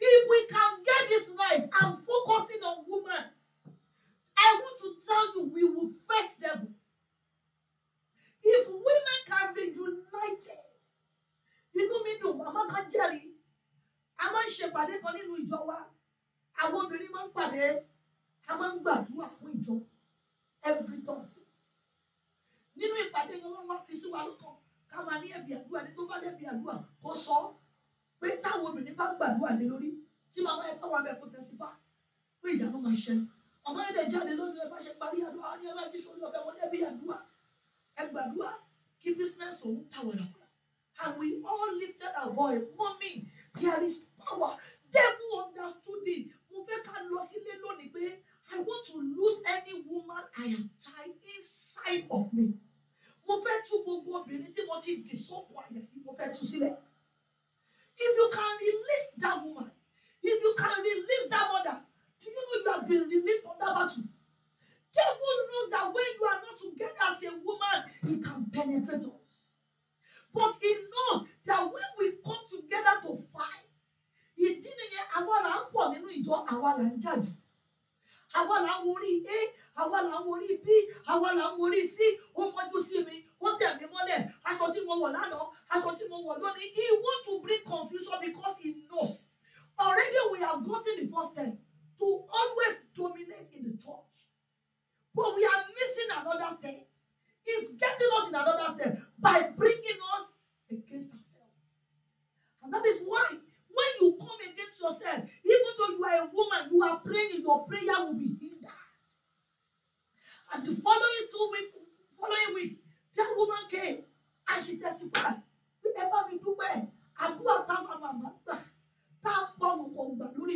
If we can get this right and máa ọmọ yẹn jáde lónìí ẹ bá ṣe parí àdúrà ní ẹ bá ti ṣòro ọ̀fẹ́ wọlé bí àdúrà ẹ gbàdúrà kí business òun tàwẹ̀rẹ̀ wọ̀rà and we all lifted our voice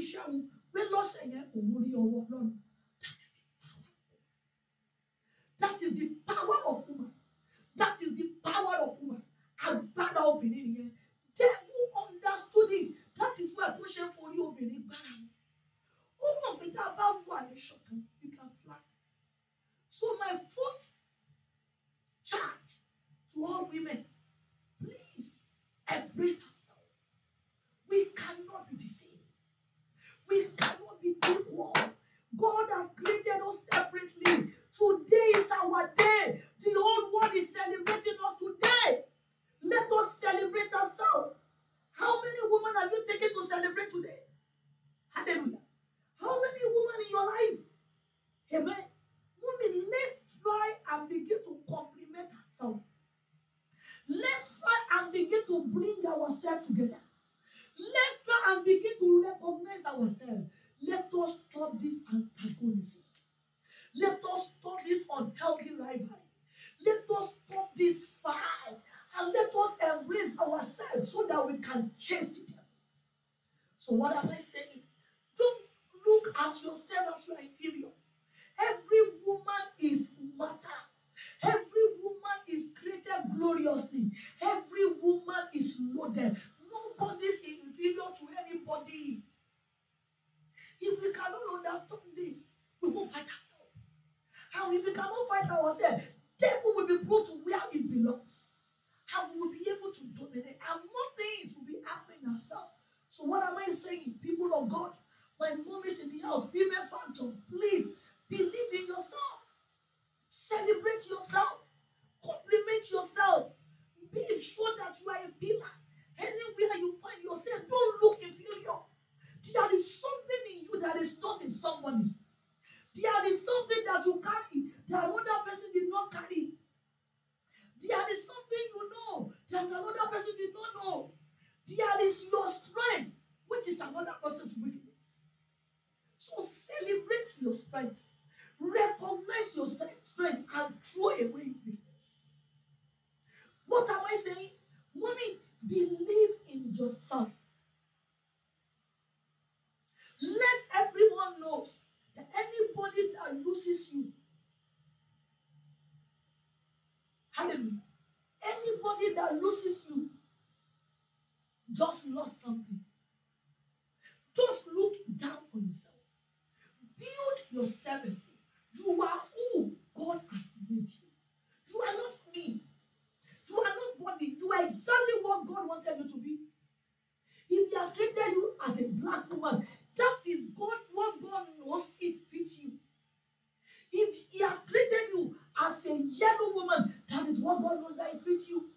iṣẹ́ òun pé lọ́sẹ̀ yẹn òun rí ọwọ́ Ọlọ́run that is the power of woman that is the power of woman agbára obìnrin nìyẹn devil understood it that is why tó ṣe ń forí obìnrin gbára wọn ó mọ̀ pé tá a bá wà ní ṣọ̀kan you can fly so my first charge to all women please embrace herself we cannot. We cannot be equal. God has created us separately. Today is our day. The old one is celebrating us today. Let us celebrate ourselves. How many women have you taken to celebrate today? Hallelujah. How many women in your life? Amen. Women, let's try and begin to compliment ourselves. Let's try and begin to bring ourselves together. Let's try and begin to recognize ourselves. Let us stop this antagonism. Let us stop this unhealthy rivalry. Let us stop this fight. And let us embrace ourselves so that we can chase them. So, what am I saying? Don't look at yourself as you inferior. Every woman is matter. Every woman is created gloriously. Every woman is loaded. This is inferior to anybody. If we cannot understand this, we won't fight ourselves. And if we cannot fight ourselves, devil will be put to where it belongs. And we will be able to dominate. And more things will be happening ourselves. So what am I saying? People of God, my mom is in the house, female phantom. that you carry that another person did not carry. There is something you know that another person did not know. There is your strength, which is another person's weakness. So celebrate your strength. Recognize your strength and throw away weakness. What am I saying? Mommy, believe in yourself. Let everyone knows anybody that loses you, hallelujah, anybody that loses you just lost something. Don't look down on yourself. Build your service. You are who God has made you. You are not me. You are not body. You are exactly what God wanted you to be. If He has treated you as a black woman, that is God, what God knows it fits you. If He has created you as a yellow woman, that is what God knows that it fits you.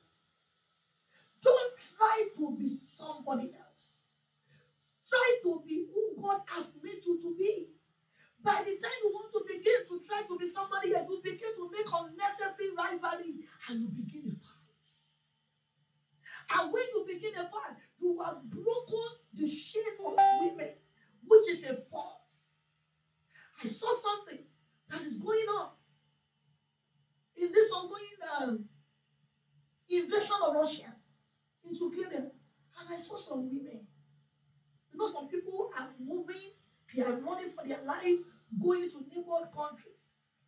Don't try to be somebody else. Try to be who God has made you to be. By the time you want to begin to try to be somebody else, you begin to make unnecessary rivalry and you begin a fight. And when you begin a fight, you have broken the shame of women which is a force. I saw something that is going on in this ongoing uh, invasion of Russia into Ukraine. And I saw some women. You know, some people are moving, they are running for their life, going to neighboring countries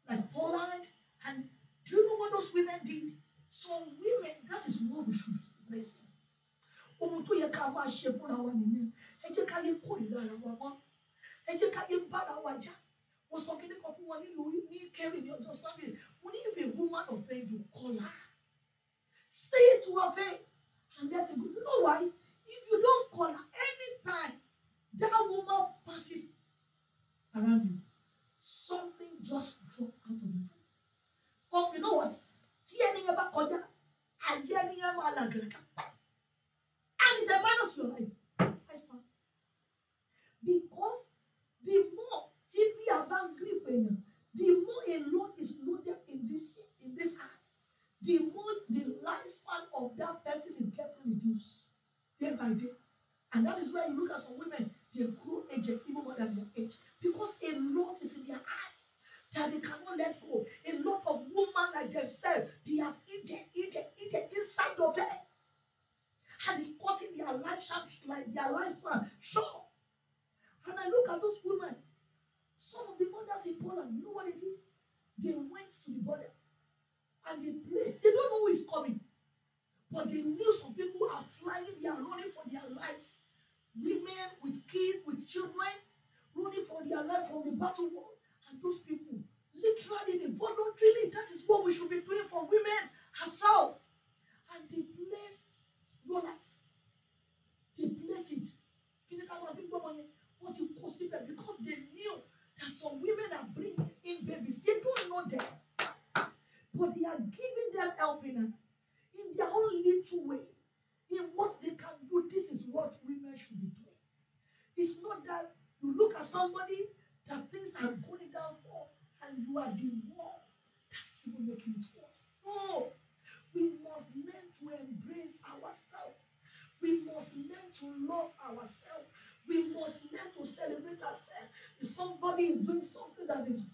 like Poland. And do you know what those women did? Some women, that is what we should be praising. ẹ jẹ́ káyé kórìíra ara wa mọ́ ẹ jẹ́ káyé bára wa jà mo sọ kíní kan fún wa nílùú ní kẹrin ní ọjọ́ sunday mo ní if a woman offend you call her say it to her face and let her go you know why if you don call her anytime that woman passes around you something just drop out of your hand but you know what tí ẹni yẹn bá kọjá ayé ẹni yẹn máa làgẹ̀rẹ̀ pa and it's a minus your life. Because the more TV about ń grip the more a lot is loaded in this in this heart, the more the lifespan of that person is getting reduced day by day. And that is why you look at some women, they grow aged even more than their age because a lot is in their heart that they cannot let go. A lot of women like themselves, they have eaten, eaten, eaten inside of them. And it's cutting their life sharp, like their lifespan short. And I look at those women. Some of the mothers in Poland, you know what they did? They went to the border and they placed, they don't know who is coming. But they knew some people are flying, they are running for their lives. Women with kids, with children, running for their life from the battle world. And those people, literally, they voluntarily, that is what we should be doing for women herself. And they placed rollers. They placed it. Kí ni ká máa fi gbọ́mọ yẹn? because they knew that some women are bringing in babies they don't know them but they are giving them helping in, in their own little way in what they can do this is what women should be doing it's not that you look at somebody that things are going down for and you are the one that is even making it work. Somebody is doing something that is